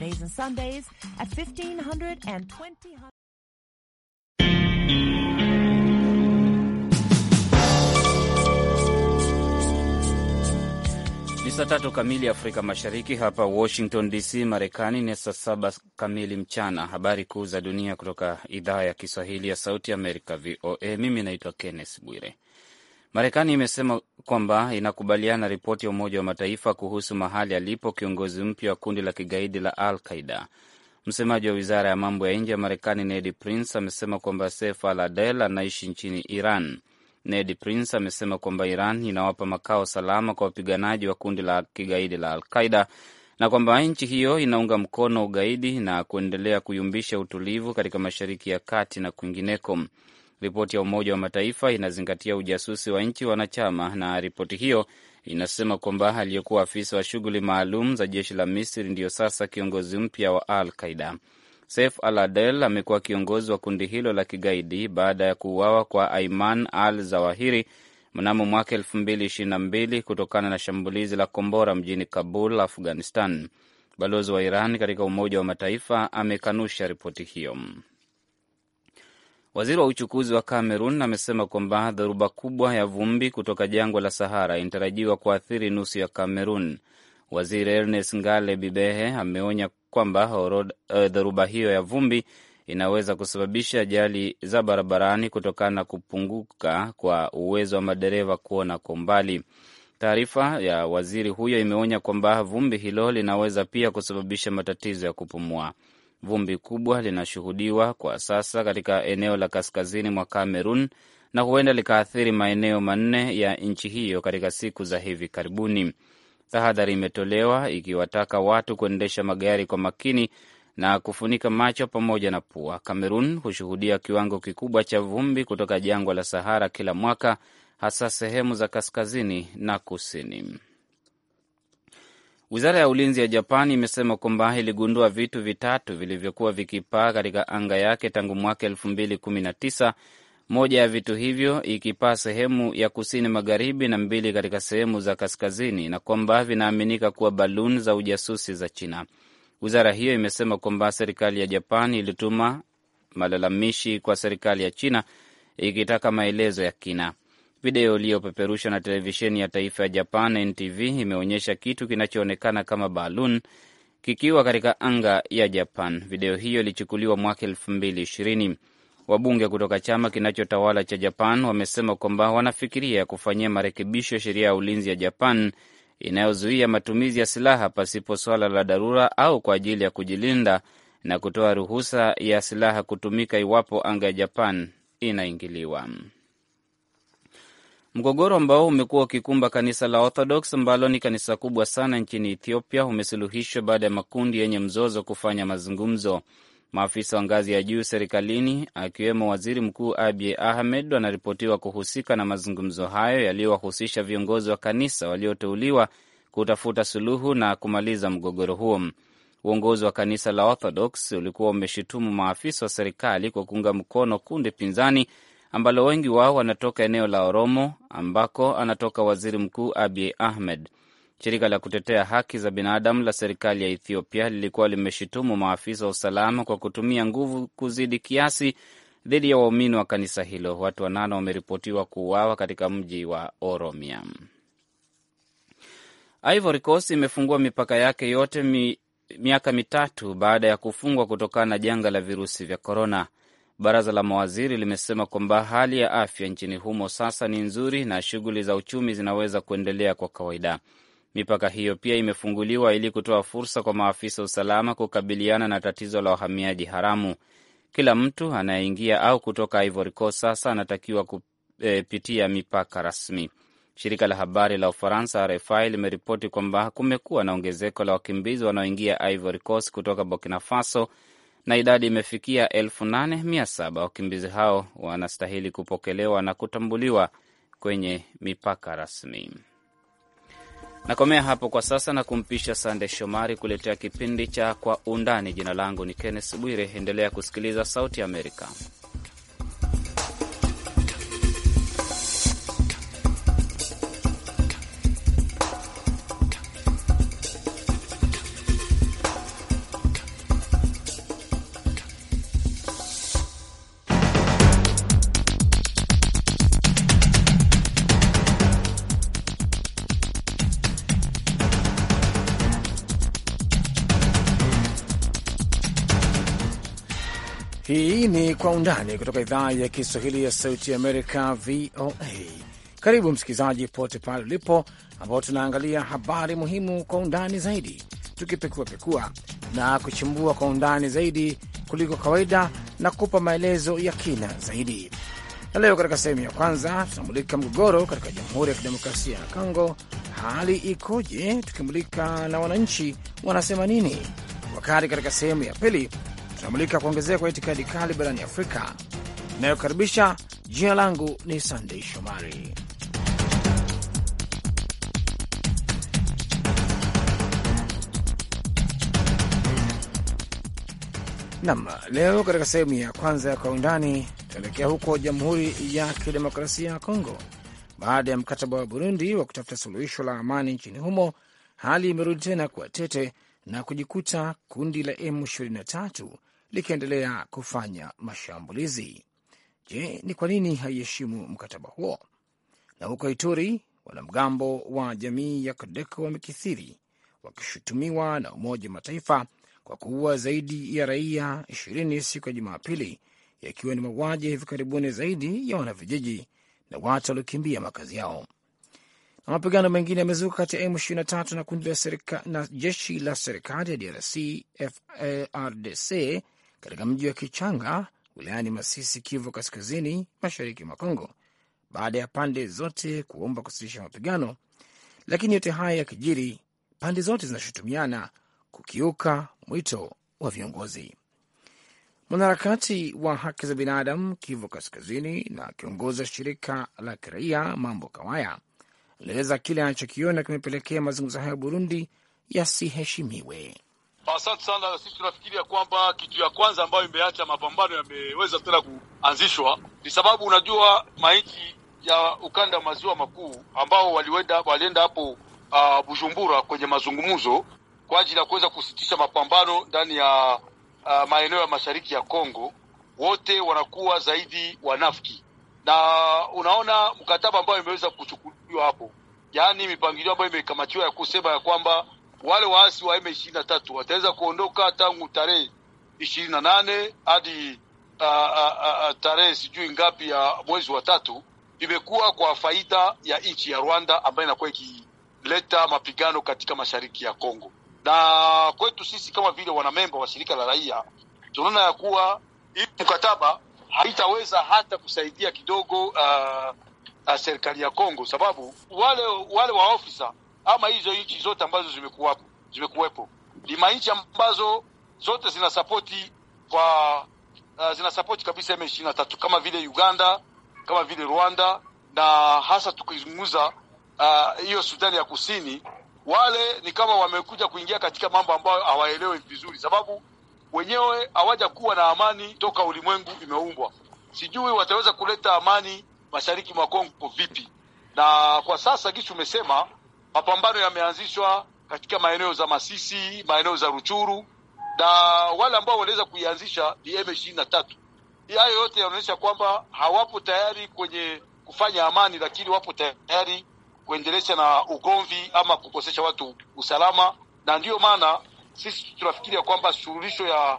Days and Sundays at 1500 and 2000. Ni saa tatu kamili Afrika Mashariki, hapa Washington DC, Marekani ni saa saba kamili mchana. Habari kuu za dunia kutoka idhaa ya Kiswahili ya Sauti Amerika, VOA. Mimi naitwa Kenneth Bwire. Marekani imesema kwamba inakubaliana ripoti ya Umoja wa Mataifa kuhusu mahali alipo kiongozi mpya wa kundi la kigaidi la Al Qaida. Msemaji wa wizara ya mambo ya nje ya Marekani, Ned Prince, amesema kwamba Saif al-Adel anaishi nchini Iran. Ned Prince amesema kwamba Iran inawapa makao salama kwa wapiganaji wa kundi la kigaidi la Al Qaida na kwamba nchi hiyo inaunga mkono ugaidi na kuendelea kuyumbisha utulivu katika Mashariki ya Kati na kwingineko. Ripoti ya Umoja wa Mataifa inazingatia ujasusi wa nchi wanachama, na ripoti hiyo inasema kwamba aliyekuwa afisa wa shughuli maalum za jeshi la Misri ndiyo sasa kiongozi mpya wa Al Qaida. Saif al Adel amekuwa kiongozi wa kundi hilo la kigaidi baada ya kuuawa kwa Aiman al Zawahiri mnamo mwaka mbili kutokana na shambulizi la kombora mjini Kabul, Afghanistan. Balozi wa Iran katika Umoja wa Mataifa amekanusha ripoti hiyo. Waziri wa uchukuzi wa Cameroon amesema kwamba dhoruba kubwa ya vumbi kutoka jangwa la Sahara inatarajiwa kuathiri nusu ya Cameroon. Waziri Ernest Ngale Bibehe ameonya kwamba eh, dhoruba hiyo ya vumbi inaweza kusababisha ajali za barabarani kutokana na kupunguka kwa uwezo wa madereva kuona kwa umbali. Taarifa ya waziri huyo imeonya kwamba vumbi hilo linaweza pia kusababisha matatizo ya kupumua. Vumbi kubwa linashuhudiwa kwa sasa katika eneo la kaskazini mwa Kamerun na huenda likaathiri maeneo manne ya nchi hiyo katika siku za hivi karibuni. Tahadhari imetolewa ikiwataka watu kuendesha magari kwa makini na kufunika macho pamoja na pua. Kamerun hushuhudia kiwango kikubwa cha vumbi kutoka jangwa la Sahara kila mwaka, hasa sehemu za kaskazini na kusini. Wizara ya ulinzi ya Japan imesema kwamba iligundua vitu vitatu vilivyokuwa vikipaa katika anga yake tangu mwaka elfu moja ya vitu hivyo ikipaa sehemu ya kusini magharibi na mbili katika sehemu za kaskazini, na kwamba vinaaminika kuwa balun za ujasusi za China. Wizara hiyo imesema kwamba serikali ya Japan ilituma malalamishi kwa serikali ya China ikitaka maelezo ya kina. Video iliyopeperushwa na televisheni ya taifa ya Japan NTV imeonyesha kitu kinachoonekana kama balun kikiwa katika anga ya Japan. Video hiyo ilichukuliwa mwaka elfu mbili ishirini. Wabunge kutoka chama kinachotawala cha Japan wamesema kwamba wanafikiria kufanyia marekebisho ya sheria ya ulinzi ya Japan inayozuia matumizi ya silaha pasipo swala la dharura au kwa ajili ya kujilinda na kutoa ruhusa ya silaha kutumika iwapo anga ya Japan inaingiliwa. Mgogoro ambao umekuwa ukikumba kanisa la Orthodox ambalo ni kanisa kubwa sana nchini Ethiopia umesuluhishwa baada ya makundi yenye mzozo kufanya mazungumzo. Maafisa wa ngazi ya juu serikalini akiwemo waziri mkuu Abiy Ahmed wanaripotiwa kuhusika na mazungumzo hayo yaliyowahusisha viongozi wa kanisa walioteuliwa kutafuta suluhu na kumaliza mgogoro huo. Uongozi wa kanisa la Orthodox ulikuwa umeshutumu maafisa wa serikali kwa kuunga mkono kundi pinzani ambalo wengi wao wanatoka eneo la Oromo ambako anatoka waziri mkuu Abiy Ahmed. Shirika la kutetea haki za binadamu la serikali ya Ethiopia lilikuwa limeshitumu maafisa wa usalama kwa kutumia nguvu kuzidi kiasi dhidi ya waumini wa kanisa hilo. Watu wanane wameripotiwa kuuawa katika mji wa Oromia. Ivory Coast imefungua mipaka yake yote mi, miaka mitatu baada ya kufungwa kutokana na janga la virusi vya korona. Baraza la mawaziri limesema kwamba hali ya afya nchini humo sasa ni nzuri na shughuli za uchumi zinaweza kuendelea kwa kawaida. Mipaka hiyo pia imefunguliwa ili kutoa fursa kwa maafisa usalama kukabiliana na tatizo la wahamiaji haramu. Kila mtu anayeingia au kutoka Ivory Coast sasa anatakiwa kupitia e, mipaka rasmi. Shirika la habari la Ufaransa RFI limeripoti kwamba kumekuwa na ongezeko la wakimbizi wanaoingia Ivory Coast kutoka Burkina Faso na idadi imefikia elfu nane mia saba. Wakimbizi hao wanastahili kupokelewa na kutambuliwa kwenye mipaka rasmi. Nakomea hapo kwa sasa na kumpisha Sande Shomari kuletea kipindi cha Kwa Undani. Jina langu ni Kenneth Bwire. Endelea kusikiliza Sauti Amerika. undani kutoka idhaa ya Kiswahili ya Sauti ya Amerika, VOA. Karibu msikilizaji, pote pale ulipo, ambao tunaangalia habari muhimu kwa undani zaidi, tukipekuapekua na kuchimbua kwa undani zaidi kuliko kawaida na kupa maelezo ya kina zaidi. Na leo katika sehemu ya kwanza tunamulika mgogoro katika Jamhuri ya Kidemokrasia ya Kongo. Hali ikoje? Tukimulika na wananchi wanasema nini, wakati katika sehemu ya pili tunamulika kuongezeka kwa itikadi kali barani Afrika inayokaribisha. Jina langu ni Sandei Shomari. Nam, leo katika sehemu ya kwanza ya kwa undani tutaelekea huko Jamhuri ya Kidemokrasia ya Kongo. Baada ya mkataba wa Burundi wa kutafuta suluhisho la amani nchini humo, hali imerudi tena kuwa tete na kujikuta kundi la M23 likiendelea kufanya mashambulizi. Je, ni kwa nini haiheshimu mkataba huo? Na huko Ituri, wanamgambo wa jamii ya Kodeko wamekithiri wakishutumiwa na Umoja wa Mataifa kwa kuua zaidi ya raia ishirini siku ya Jumapili, yakiwa ni mauaji hivi karibuni zaidi ya wanavijiji na watu waliokimbia makazi yao. Na mapigano mengine yamezuka kati ya M23 na kundi la jeshi la serikali ya DRC FARDC katika mji wa Kichanga wilayani Masisi, Kivu Kaskazini, mashariki mwa Kongo, baada ya pande zote kuomba kusitisha mapigano. Lakini yote haya ya kijiri, pande zote zinashutumiana kukiuka mwito wa viongozi. Mwanaharakati wa haki za binadamu Kivu Kaskazini na kiongozi wa shirika la kiraia Mambo Kawaya alieleza kile anachokiona kimepelekea mazungumzo hayo Burundi yasiheshimiwe. Asante sana. Sisi tunafikiria kwamba kitu ya kwanza ambayo imeacha mapambano yameweza tena kuanzishwa ni sababu, unajua mainchi ya ukanda wa maziwa makuu ambao walienda walienda hapo uh, Bujumbura kwenye mazungumzo kwa ajili ya kuweza kusitisha mapambano ndani ya uh, maeneo ya mashariki ya Kongo, wote wanakuwa zaidi wanafiki, na unaona mkataba ambao imeweza kuchukuliwa hapo, yaani mipangilio ambayo imekamatiwa ya kusema ya kwamba wale waasi wa M23 wataweza kuondoka tangu tarehe ishirini na nane hadi tarehe sijui ngapi ya mwezi wa tatu. Imekuwa kwa faida ya nchi ya Rwanda ambayo inakuwa ikileta mapigano katika mashariki ya Kongo, na kwetu sisi kama vile wanamemba wa shirika la raia tunaona ya kuwa hii mkataba haitaweza hata kusaidia kidogo uh, serikali ya Kongo sababu wale wale waofisa ama hizo nchi zote ambazo zimekuwapo zimekuwepo ni manchi ambazo zote zinasapoti kwa uh, zinasapoti kabisa M23 kama vile Uganda, kama vile Rwanda na hasa tukizungumza uh, hiyo uh, Sudani ya Kusini, wale ni kama wamekuja kuingia katika mambo ambayo hawaelewi vizuri, sababu wenyewe hawaja kuwa na amani toka ulimwengu imeumbwa. Sijui wataweza kuleta amani mashariki mwa Kongo vipi? Na kwa sasa kitu umesema Mapambano yameanzishwa katika maeneo za Masisi, maeneo za Ruchuru, na wale ambao waliweza kuianzisha ni M23. Hayo yote yanaonyesha kwamba hawapo tayari kwenye kufanya amani, lakini wapo tayari kuendelesha na ugomvi ama kukosesha watu usalama, na ndiyo maana sisi tunafikiria kwamba suluhisho ya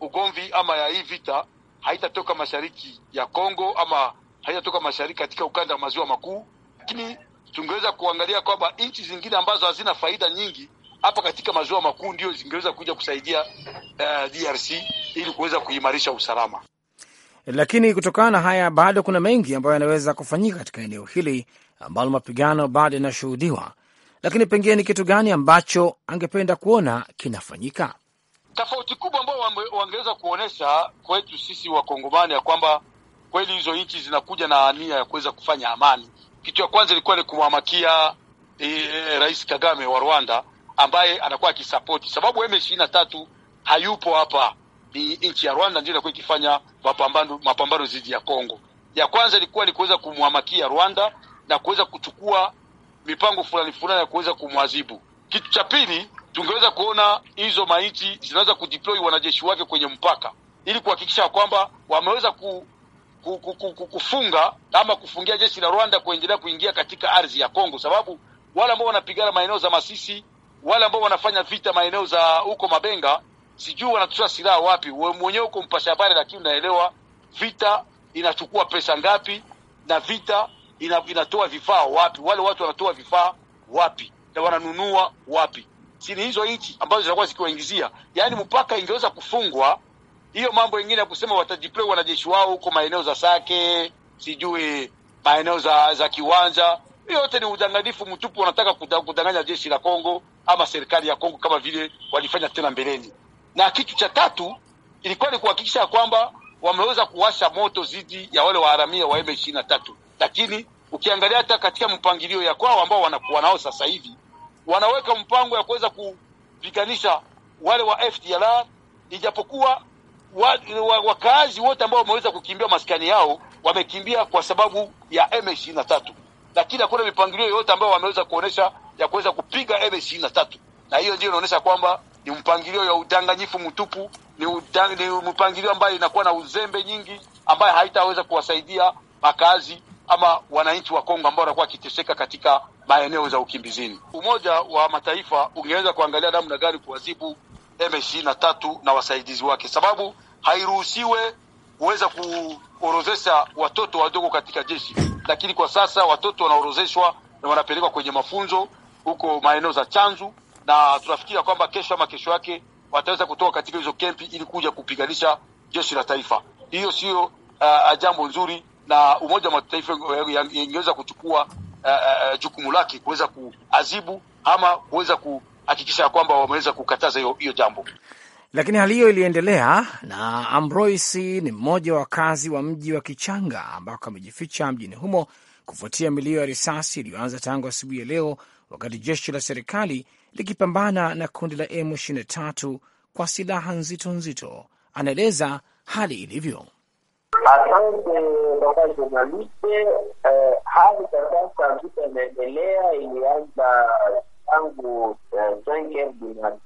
ugomvi ama ya hii vita haitatoka mashariki ya Kongo ama haitatoka mashariki katika ukanda wa maziwa makuu, lakini tungeweza kuangalia kwamba nchi zingine ambazo hazina faida nyingi hapa katika maziwa makuu ndio zingeweza kuja kusaidia uh, eh, DRC ili kuweza kuimarisha usalama. Lakini kutokana na haya, bado kuna mengi ambayo yanaweza kufanyika katika eneo hili ambalo mapigano bado yanashuhudiwa. Lakini pengine ni kitu gani ambacho angependa kuona kinafanyika? Tofauti kubwa ambayo wangeweza kuonyesha kwetu sisi Wakongomani ya kwamba kweli hizo nchi zinakuja na nia ya kuweza kufanya amani kitu ya kwanza ilikuwa ni kumhamakia e, Rais Kagame wa Rwanda ambaye anakuwa akisapoti, sababu M23 hayupo hapa, ni nchi ya Rwanda ndio inakuwa ikifanya mapambano mapambano dhidi ya Kongo. Ya kwanza ilikuwa ni kuweza kumhamakia Rwanda na kuweza kuchukua mipango fulani fulani ya kuweza kumwadhibu. Kitu cha pili, tungeweza kuona hizo maiti zinaweza kudeploy wanajeshi wake kwenye mpaka ili kuhakikisha kwamba wameweza ku, kufunga ama kufungia jeshi la Rwanda kuendelea kuingia katika ardhi ya Kongo, sababu wale ambao wanapigana maeneo za Masisi, wale ambao wanafanya vita maeneo za huko Mabenga, sijui wanatoa silaha wapi. mwenyewe uko mpasha habari, lakini unaelewa vita inachukua pesa ngapi na vita ina, inatoa vifaa wapi? Wale watu wanatoa vifaa wapi na wananunua wapi? Si ni hizo nchi ambazo zinakuwa zikiwaingizia? Yaani mpaka ingeweza kufungwa hiyo mambo yengine ya kusema watajiploy wanajeshi wao huko maeneo za Sake, sijui maeneo za za Kiwanja, yote ni udanganyifu mtupu. Wanataka kudanganya jeshi la Kongo ama serikali ya Kongo kama vile walifanya tena mbeleni. Na kitu cha tatu ilikuwa ni kuhakikisha ya kwamba wameweza kuwasha moto dhidi ya wale waharamia wa M23, lakini ukiangalia hata katika mpangilio ya kwao ambao wanakuwa nao sasa hivi wanaweka mpango ya kuweza kupiganisha wale wa FDLR, ijapokuwa wakaazi wote ambao wameweza kukimbia maskani yao wamekimbia kwa sababu ya M23, lakini hakuna mipangilio yoyote ambayo wameweza kuonesha ya kuweza kupiga M23, na hiyo ndio inaonyesha kwamba ni mpangilio ya udanganyifu mtupu, ni, udang, ni mpangilio ambayo inakuwa na uzembe nyingi ambayo haitaweza kuwasaidia makazi ama wananchi wa Kongo ambao wanakuwa wakiteseka katika maeneo za ukimbizini. Umoja wa Mataifa ungeweza kuangalia namna gani kuwazibu M23 na wasaidizi wake, sababu hairuhusiwe kuweza kuorozesha watoto wadogo katika jeshi. Lakini kwa sasa watoto wanaorozeshwa na wanapelekwa kwenye mafunzo huko maeneo za chanzu, na tunafikiria kwamba kesho ama kesho yake wataweza kutoka katika hizo kempi ili kuja kupiganisha jeshi la taifa. Hiyo siyo uh, uh, jambo nzuri, na Umoja wa Mataifa ingeweza kuchukua uh, uh, uh, jukumu lake kuweza kuazibu ama kuweza ku hakikisha kwamba wameweza kukataza hiyo jambo. Lakini hali hiyo iliendelea, na Ambroisi ni mmoja wa wakazi wa mji wa Kichanga ambako amejificha mjini humo kufuatia milio ya risasi iliyoanza tangu asubuhi ya leo, wakati jeshi la serikali likipambana na kundi la M23 kwa silaha nzito nzito. Anaeleza hali ilivyo. Asante baba journaliste. Eh, hali kwa sasa vita inaendelea, ilianza tangu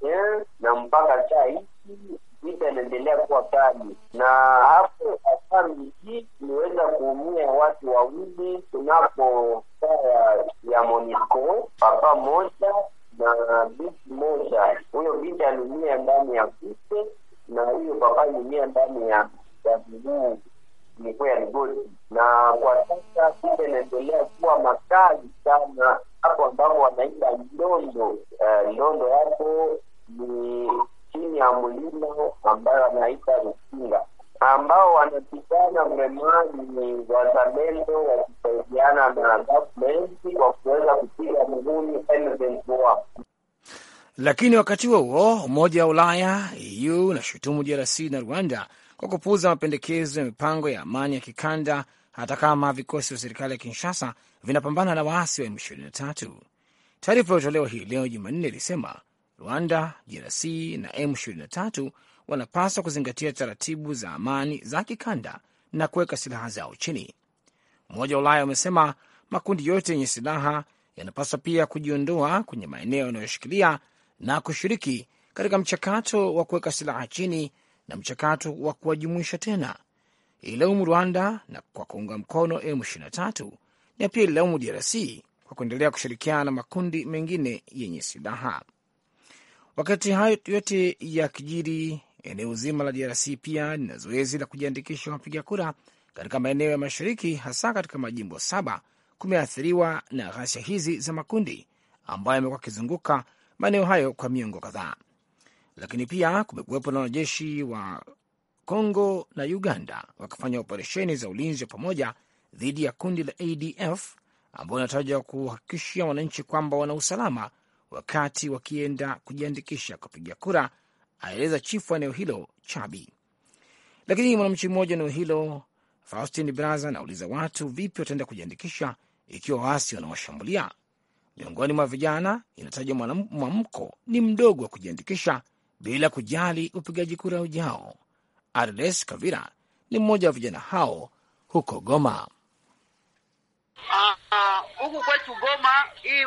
eh, na mpaka saa hizi vita inaendelea kuwa kali, na hapo hasa miji iliweza kuumia watu wawili kunapo saa ya Monico papa moja na binti moja. Huyo binti aliumia ndani ya kute na huyo papa aliumia ndani ya mguu imekuwa ya migodi, na kwa sasa kumbe inaendelea kuwa makali sana hapo ambapo wanaita ndondo. Ndondo eh, hapo ni chini ya mlima ambayo wanaita Rusinga, ambao wanapigana mremani ni wazalendo wakisaidiana na gavumenti kwa kuweza kupiga mguni lakini wakati huo huo, Umoja wa Ulaya, EU, na shutumu DRC na Rwanda kwa kupuuza mapendekezo ya mipango ya amani ya kikanda hata kama vikosi vya serikali ya Kinshasa vinapambana na waasi wa M23. Taarifa iliyotolewa hii leo Jumanne ilisema Rwanda, DRC na M23 wanapaswa kuzingatia taratibu za amani za kikanda na kuweka silaha zao chini. Umoja wa Ulaya umesema makundi yote yenye silaha yanapaswa pia kujiondoa kwenye maeneo yanayoshikilia na kushiriki katika mchakato wa kuweka silaha chini na mchakato wa kuwajumuisha tena. Ililaumu Rwanda na kwa kuunga mkono M23 na pia ililaumu DRC kwa kuendelea kushirikiana na makundi mengine yenye silaha. Wakati hayo yote ya kijiri, eneo zima la DRC pia lina zoezi la kujiandikisha wapiga kura katika maeneo ya mashariki, hasa katika majimbo saba kumeathiriwa na ghasia hizi za makundi ambayo yamekuwa akizunguka maeneo hayo kwa miongo kadhaa lakini pia kumekuwepo na wanajeshi wa Kongo na Uganda wakifanya operesheni za ulinzi wa pamoja dhidi ya kundi la ADF ambao inataraja kuhakikishia wananchi kwamba wana usalama wakati wakienda kujiandikisha kupiga kura, aeleza chifu wa eneo hilo Chabi. Lakini mwananchi mmoja eneo hilo Faustin Braza anauliza watu vipi wataenda kujiandikisha ikiwa waasi wanawashambulia. Miongoni mwa vijana, inataja mwamko ni mdogo wa kujiandikisha bila kujali upigaji kura ujao. Ardes Kavira ni mmoja wa vijana hao huko Goma. Ah, ah, huku uh, kwetu Goma hii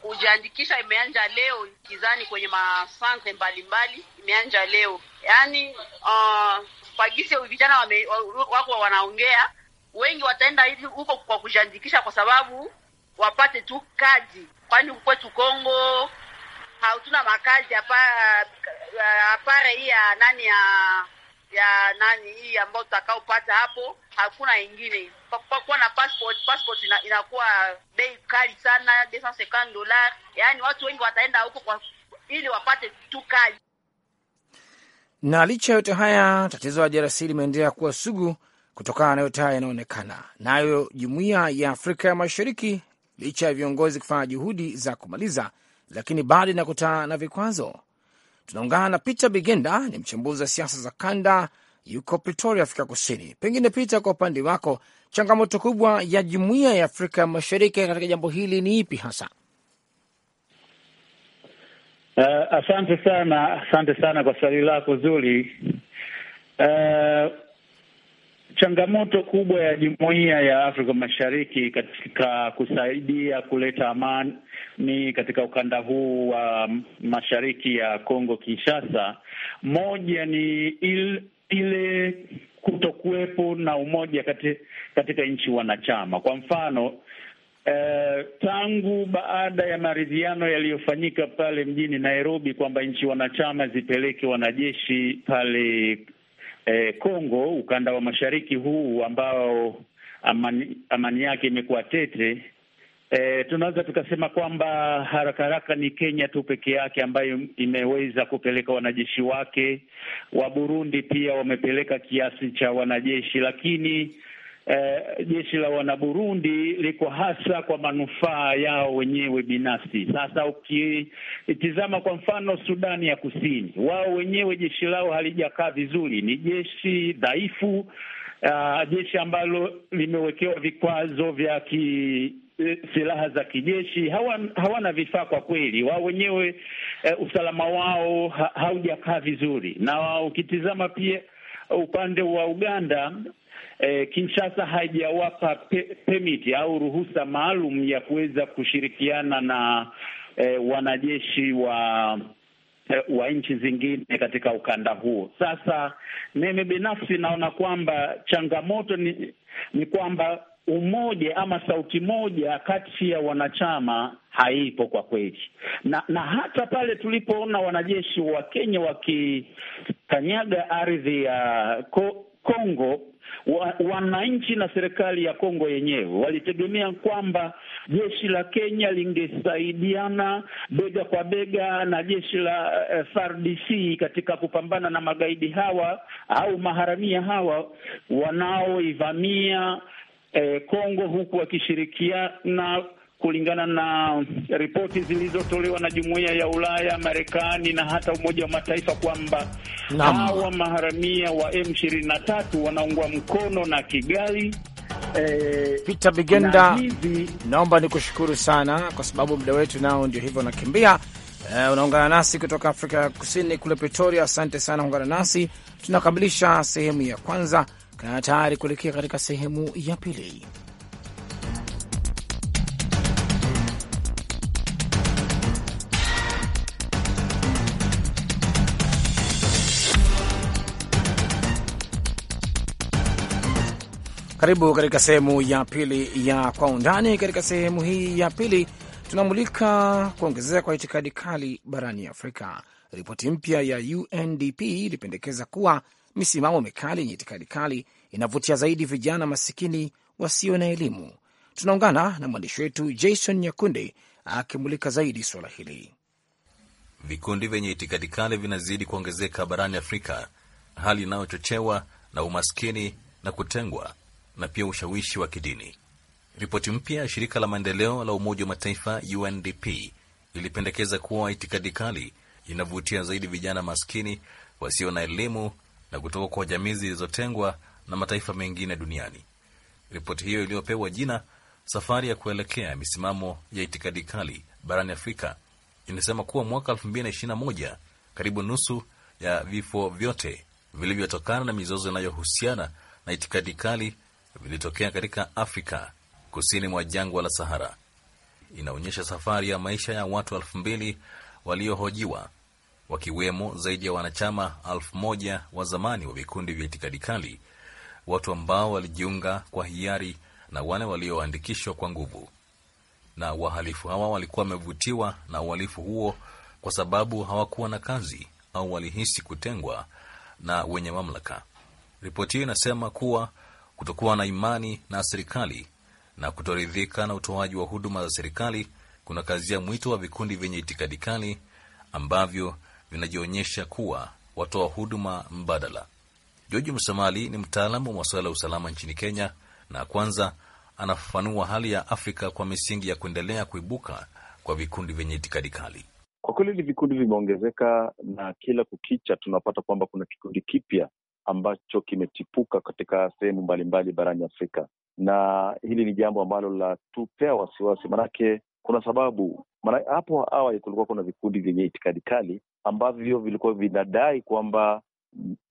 kujiandikisha imeanja leo kizani kwenye masante mbalimbali imeanja leo yaani, uh, vijana wame, wako wanaongea wengi wataenda hivi huko kwa kujiandikisha kwa sababu wapate tu kadi, kwani kwetu Kongo hautuna makazi hapa eh, apare hii ya nani ya ya nani hii ambayo tutakaopata hapo, hakuna ingine kwa kuwa na passport. Passport ina, inakuwa bei kali sana 250 dollars. Yaani watu wengi wataenda huko kwa ili wapate tu kazi. Na licha yote haya, tatizo la DRC limeendelea kuwa sugu kutokana na yote haya yanaonekana nayo jumuiya ya Afrika ya Mashariki, licha ya viongozi kufanya juhudi za kumaliza lakini bado inakutana na vikwazo. Tunaungana na Peter Bigenda, ni mchambuzi wa siasa za kanda, yuko Pretoria, Afrika Kusini. Pengine Peter, kwa upande wako, changamoto kubwa ya jumuiya ya Afrika Mashariki katika jambo hili ni ipi hasa? Uh, asante sana, asante sana kwa swali lako zuri. Uh, Changamoto kubwa ya jumuiya ya Afrika Mashariki katika kusaidia kuleta amani katika ukanda huu wa mashariki ya Kongo Kinshasa, moja ni il, ile kutokuwepo na umoja katika, katika nchi wanachama. Kwa mfano eh, tangu baada ya maridhiano yaliyofanyika pale mjini Nairobi kwamba nchi wanachama zipeleke wanajeshi pale E, Kongo ukanda wa mashariki huu ambao amani, amani yake imekuwa tete E, tunaweza tukasema kwamba haraka haraka ni Kenya tu peke yake ambayo imeweza kupeleka wanajeshi wake. Wa Burundi pia wamepeleka kiasi cha wanajeshi, lakini eh, jeshi la wanaburundi liko hasa kwa manufaa yao wenyewe binafsi. Sasa ukitizama kwa mfano Sudani ya Kusini, wao wenyewe jeshi lao halijakaa vizuri, ni jeshi dhaifu, uh, jeshi ambalo limewekewa vikwazo vya ki eh, silaha za kijeshi hawana, hawana vifaa kwa kweli wao wenyewe eh, usalama wao ha, haujakaa vizuri. Na ukitizama pia upande wa Uganda e, Kinshasa haijawapa pe, permit au ruhusa maalum ya kuweza kushirikiana na e, wanajeshi wa eh, wa nchi zingine katika ukanda huo. Sasa mimi binafsi naona kwamba changamoto ni, ni kwamba umoja ama sauti moja kati ya wanachama haipo kwa kweli, na na hata pale tulipoona wanajeshi wa Kenya wakikanyaga ardhi ya Kongo wa, wananchi na serikali ya Kongo yenyewe walitegemea kwamba jeshi la Kenya lingesaidiana bega kwa bega na jeshi la frdc eh, FARDC katika kupambana na magaidi hawa au maharamia hawa wanaoivamia eh, Kongo huku wakishirikiana kulingana na ripoti zilizotolewa na Jumuiya ya Ulaya, Marekani na hata Umoja wa Mataifa kwamba hawa maharamia wa M23 wanaungwa mkono na Kigali. Eh, Peter Bigenda, naomba kushukuru sana kwa sababu muda wetu nao ndio hivyo nakimbia. Eh, unaungana nasi kutoka Afrika ya Kusini kule Pretoria. Asante sana kuungana nasi. Tunakamilisha sehemu ya kwanza, kana tayari kuelekea katika sehemu ya pili. Karibu katika sehemu ya pili ya kwa undani. Katika sehemu hii ya pili tunamulika kuongezeka kwa itikadi kali barani Afrika. Ripoti mpya ya UNDP ilipendekeza kuwa misimamo mikali yenye itikadi kali inavutia zaidi vijana masikini wasio na elimu. Tunaungana na mwandishi wetu Jason Nyakunde akimulika zaidi suala hili. Vikundi vyenye itikadi kali vinazidi kuongezeka barani Afrika, hali inayochochewa na umaskini na kutengwa na pia ushawishi wa kidini. Ripoti mpya ya shirika la maendeleo la Umoja wa Mataifa UNDP ilipendekeza kuwa itikadi kali inavutia zaidi vijana maskini wasio na elimu na kutoka kwa jamii zilizotengwa na mataifa mengine duniani. Ripoti hiyo iliyopewa jina safari ya kuelekea misimamo ya itikadi kali barani Afrika inasema kuwa mwaka 2021 karibu nusu ya vifo vyote vilivyotokana na mizozo inayohusiana na itikadi kali vilitokea katika Afrika kusini mwa jangwa la Sahara. Inaonyesha safari ya maisha ya watu elfu mbili waliohojiwa wakiwemo zaidi ya wanachama elfu moja wa zamani wa vikundi vya itikadi kali, watu ambao walijiunga kwa hiari na wale walioandikishwa kwa nguvu. Na wahalifu hawa walikuwa wamevutiwa na uhalifu huo kwa sababu hawakuwa na kazi au walihisi kutengwa na wenye mamlaka. Ripoti hiyo inasema kuwa Kutokuwa na imani na serikali na kutoridhika na utoaji wa huduma za serikali kuna kazia mwito wa vikundi vyenye itikadi kali ambavyo vinajionyesha kuwa watoa huduma mbadala. George Msamali ni mtaalamu wa masuala ya usalama nchini Kenya, na kwanza anafafanua hali ya Afrika kwa misingi ya kuendelea kuibuka kwa vikundi vyenye itikadi kali. Kwa kweli, vikundi vimeongezeka na kila kukicha tunapata kwamba kuna kikundi kipya ambacho kimetipuka katika sehemu mbalimbali barani Afrika, na hili ni jambo ambalo latupea wasiwasi, maanake kuna sababu maana, hapo awali kulikuwa kuna vikundi vyenye itikadi kali ambavyo vilikuwa vinadai kwamba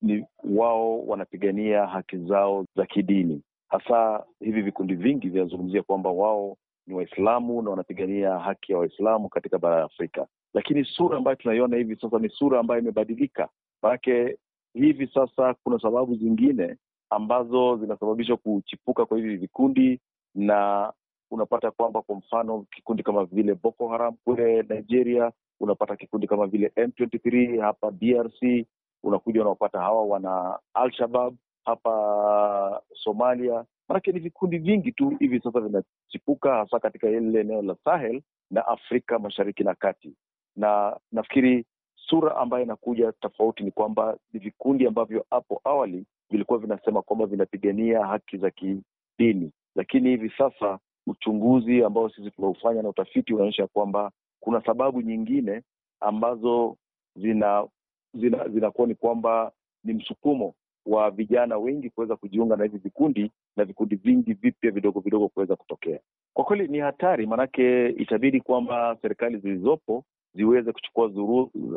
ni wao wanapigania haki zao za kidini. Hasa hivi vikundi vingi vinazungumzia kwamba wao ni Waislamu na wanapigania haki ya Waislamu katika bara ya Afrika, lakini sura ambayo tunaiona hivi sasa ni sura ambayo imebadilika. Manake hivi sasa kuna sababu zingine ambazo zinasababisha kuchipuka kwa hivi vikundi na unapata kwamba kwa mfano kikundi kama vile Boko Haram kule Nigeria, unapata kikundi kama vile M23 hapa DRC, unakuja unaopata hawa wana Al-Shabab hapa Somalia. manake ni vikundi vingi tu hivi sasa vinachipuka hasa katika ile eneo la Sahel na Afrika Mashariki na Kati, na nafikiri Sura ambayo inakuja tofauti ni kwamba ni vikundi ambavyo hapo awali vilikuwa vinasema kwamba vinapigania haki za kidini, lakini hivi sasa uchunguzi ambao sisi tumeufanya na utafiti unaonyesha kwamba kuna sababu nyingine ambazo zinakuwa zina, zina ni kwamba ni msukumo wa vijana wengi kuweza kujiunga na hivi vikundi na vikundi vingi vipya vidogo vidogo kuweza kutokea. Kwa kweli ni hatari, maanake itabidi kwamba serikali zilizopo ziweze kuchukua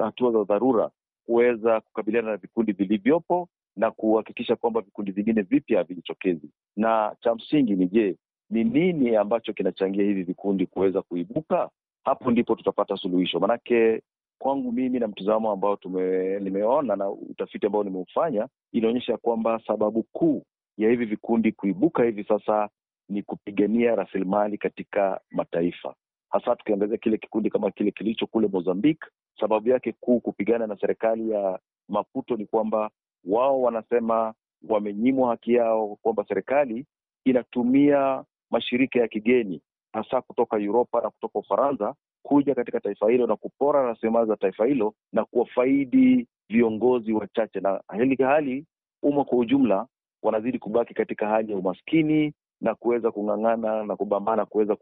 hatua za dharura kuweza kukabiliana na vikundi vilivyopo na kuhakikisha kwamba vikundi vingine vipya havijitokezi. Na cha msingi ni je, ni nini ambacho kinachangia hivi vikundi kuweza kuibuka? Hapo ndipo tutapata suluhisho, manake kwangu mimi na mtizamo ambao tume, nimeona na utafiti ambao nimeufanya inaonyesha kwamba sababu kuu ya hivi vikundi kuibuka hivi sasa ni kupigania rasilimali katika mataifa hasa tukiangazia kile kikundi kama kile kilicho kule Mozambique. Sababu yake kuu kupigana na serikali ya Maputo ni kwamba wao wanasema wamenyimwa haki yao, kwamba serikali inatumia mashirika ya kigeni hasa kutoka Uropa na kutoka Ufaransa kuja katika taifa hilo na kupora rasilimali za taifa hilo na kuwafaidi viongozi wachache, na hili hali umma kwa ujumla wanazidi kubaki katika hali ya umaskini na kuweza kung'ang'ana na kubambana kuweza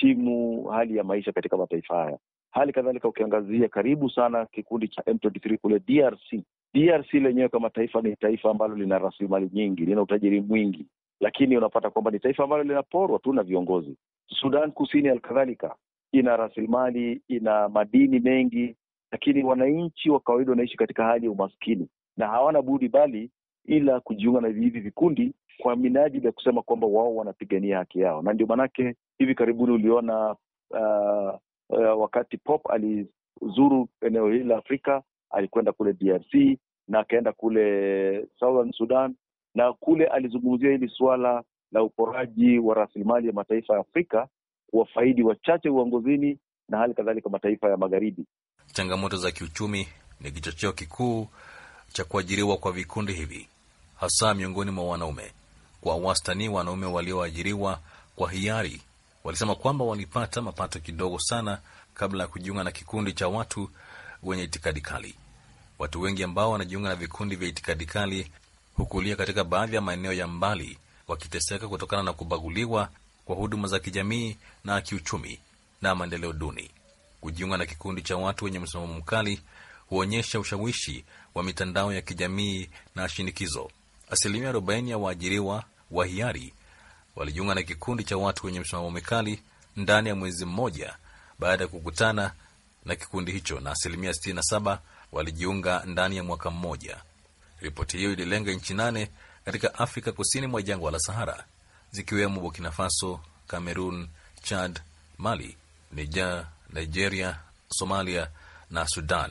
kuhitimu hali ya maisha katika mataifa haya. Hali kadhalika ukiangazia karibu sana kikundi cha M23 kule DRC. DRC lenyewe kama taifa ni taifa ambalo lina rasilimali nyingi, lina utajiri mwingi, lakini unapata kwamba ni taifa ambalo linaporwa tu na viongozi. Sudan Kusini alkadhalika ina rasilimali, ina madini mengi, lakini wananchi wa kawaida wanaishi katika hali ya umaskini na hawana budi bali ila kujiunga na hivi vikundi kwa minajili ya kusema kwamba wao wanapigania haki yao, na ndio maanake hivi karibuni uliona uh, uh, wakati Pop alizuru eneo hili la Afrika, alikwenda kule DRC na akaenda kule Southern Sudan, na kule alizungumzia hili suala la uporaji wa rasilimali ya mataifa ya Afrika kuwafaidi wachache uongozini na hali kadhalika mataifa ya magharibi. Changamoto za kiuchumi ni kichocheo kikuu cha kuajiriwa kwa vikundi hivi, hasa miongoni mwa wanaume. Kwa wastani, wanaume walioajiriwa kwa hiari Walisema kwamba walipata mapato kidogo sana kabla ya kujiunga na kikundi cha watu wenye itikadi kali. Watu wengi ambao wanajiunga na vikundi vya itikadi kali hukulia katika baadhi ya maeneo ya mbali, wakiteseka kutokana na kubaguliwa kwa huduma za kijamii na kiuchumi na maendeleo duni. Kujiunga na kikundi cha watu wenye msimamo mkali huonyesha ushawishi wa mitandao ya kijamii na shinikizo. Asilimia 40 ya waajiriwa wa hiari walijiunga na kikundi cha watu wenye msimamo mikali ndani ya mwezi mmoja baada ya kukutana na kikundi hicho na asilimia 67 walijiunga ndani ya mwaka mmoja. Ripoti hiyo ililenga nchi nane katika Afrika kusini mwa jangwa la Sahara, zikiwemo Burkina Faso, Cameroon, Chad, Mali, Niger, Nigeria, Somalia na Sudan.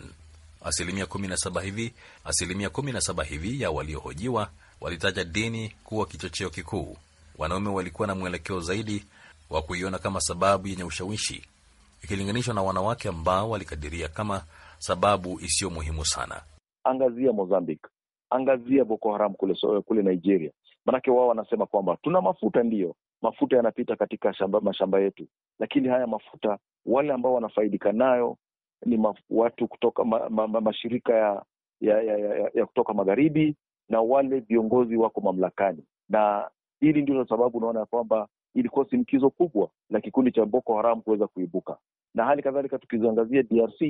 Asilimia 17 hivi asilimia 17 hivi ya waliohojiwa walitaja dini kuwa kichocheo kikuu wanaume walikuwa na mwelekeo zaidi wa kuiona kama sababu yenye ushawishi ikilinganishwa na wanawake ambao walikadiria kama sababu isiyo muhimu sana. Angazia Mozambique, angazia Boko Haram kule, kule Nigeria. Manake wao wanasema kwamba tuna mafuta, ndiyo mafuta yanapita katika shamba, mashamba yetu, lakini haya mafuta wale ambao wanafaidika nayo ni watu kutoka ma, ma, ma, mashirika ya ya, ya, ya ya kutoka magharibi na wale viongozi wako mamlakani, na Hili ndilo sababu unaona ya kwamba ilikuwa shinikizo kubwa la kikundi cha Boko Haram kuweza kuibuka, na hali kadhalika tukiziangazia DRC,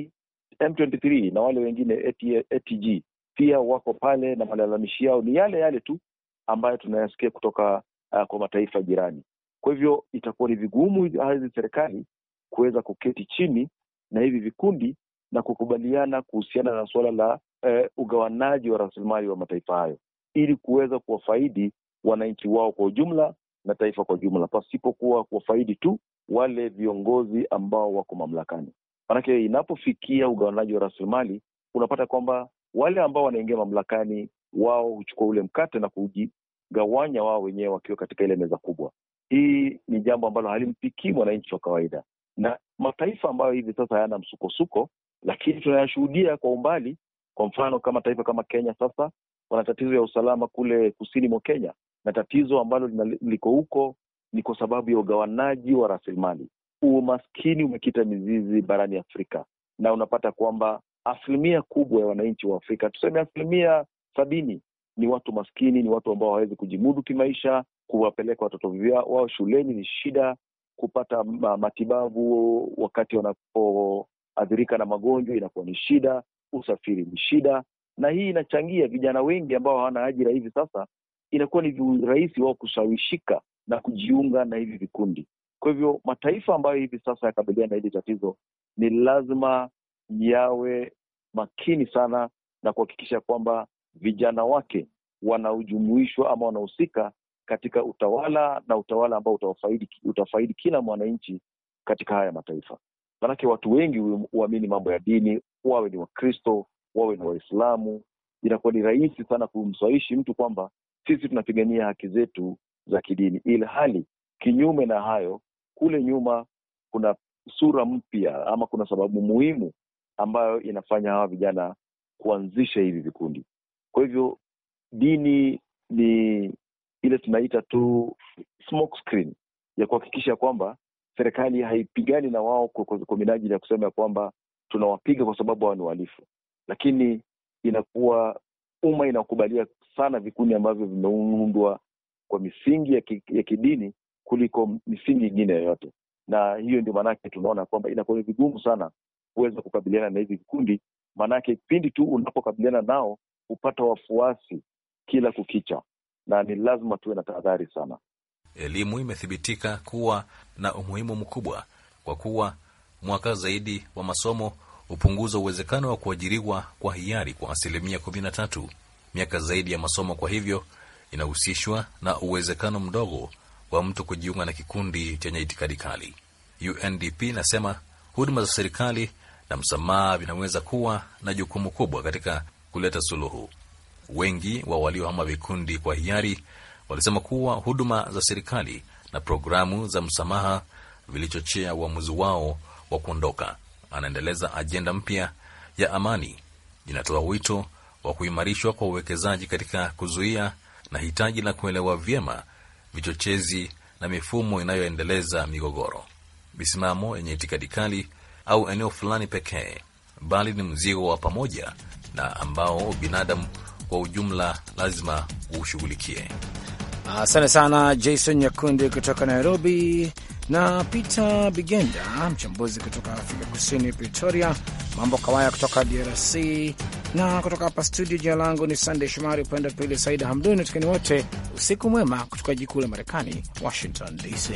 M23 na wale wengine ATG pia wako pale na malalamishi yao ni yale yale tu ambayo tunayasikia kutoka uh, kwa mataifa jirani. Kwa hivyo itakuwa ni vigumu hizi serikali kuweza kuketi chini na hivi vikundi na kukubaliana kuhusiana na suala la uh, ugawanaji wa rasilimali wa mataifa hayo ili kuweza kuwafaidi wananchi wao kwa ujumla na taifa kwa ujumla, pasipokuwa kuwafaidi tu wale viongozi ambao wako mamlakani. Maanake inapofikia ugawanaji wa rasilimali, unapata kwamba wale ambao wanaingia mamlakani wao huchukua ule mkate na kujigawanya wao wenyewe wakiwa katika ile meza kubwa. Hii ni jambo ambalo halimpikii mwananchi wa kawaida, na mataifa ambayo hivi sasa hayana msukosuko, lakini tunayashuhudia kwa umbali. Kwa mfano kama taifa kama Kenya, sasa wana tatizo ya usalama kule kusini mwa Kenya, na tatizo ambalo liko huko ni kwa sababu ya ugawanaji wa rasilimali. Umaskini umekita mizizi barani Afrika, na unapata kwamba asilimia kubwa ya wananchi wa Afrika, tuseme asilimia sabini, ni watu maskini, ni watu ambao hawawezi kujimudu kimaisha. Kuwapeleka watoto wao shuleni ni shida, kupata matibabu wakati wanapoathirika na magonjwa inakuwa ni shida, usafiri ni shida, na hii inachangia vijana wengi ambao hawana ajira hivi sasa inakuwa ni rahisi wao kushawishika na kujiunga na hivi vikundi. Kwa hivyo mataifa ambayo hivi sasa yakabiliana na hili tatizo ni lazima yawe makini sana na kuhakikisha kwamba vijana wake wanaojumuishwa ama wanahusika katika utawala na utawala ambao utawafaidi utafaidi kila mwananchi katika haya mataifa. Maanake watu wengi huamini mambo ya dini, wawe ni Wakristo, wawe ni Waislamu. Inakuwa ni rahisi sana kumshawishi mtu kwamba sisi tunapigania haki zetu za kidini, ili hali kinyume na hayo, kule nyuma kuna sura mpya ama kuna sababu muhimu ambayo inafanya hawa vijana kuanzisha hivi vikundi. Kwa hivyo dini ni ile tunaita tu smoke screen ya kuhakikisha kwamba serikali haipigani na wao kwa, minajili ya kusema ya kwamba tunawapiga kwa sababu hao ni uhalifu, lakini inakuwa umma inakubalia sana vikundi ambavyo vimeundwa kwa misingi ya, ki, ya kidini kuliko misingi ingine yoyote, na hiyo ndio maanake tunaona kwamba inakuwa ni vigumu sana kuweza kukabiliana na hivi vikundi, maanake pindi tu unapokabiliana nao hupata wafuasi kila kukicha, na ni lazima tuwe na tahadhari sana. Elimu imethibitika kuwa na umuhimu mkubwa kwa kuwa mwaka zaidi wa masomo hupunguza uwezekano wa kuajiriwa kwa hiari kwa asilimia 13. Miaka zaidi ya masomo, kwa hivyo, inahusishwa na uwezekano mdogo wa mtu kujiunga na kikundi chenye itikadi kali. UNDP inasema huduma za serikali na msamaha vinaweza kuwa na jukumu kubwa katika kuleta suluhu. Wengi wa waliohama vikundi kwa hiari walisema kuwa huduma za serikali na programu za msamaha vilichochea uamuzi wao wa kuondoka anaendeleza ajenda mpya ya amani. Inatoa wito wa kuimarishwa kwa uwekezaji katika kuzuia na hitaji la kuelewa vyema vichochezi na mifumo inayoendeleza migogoro. Misimamo yenye itikadi kali au eneo fulani pekee, bali ni mzigo wa pamoja na ambao binadamu kwa ujumla lazima uushughulikie. Asante sana Jason Nyakundi kutoka Nairobi na Peter Bigenda, mchambuzi kutoka Afrika Kusini, Pretoria, Mambo Kawaya kutoka DRC na kutoka hapa studio. Jina langu ni Sandey Shomari, upande wa pili Saida Hamduni. Tukieni wote usiku mwema kutoka jikuu la Marekani, Washington DC.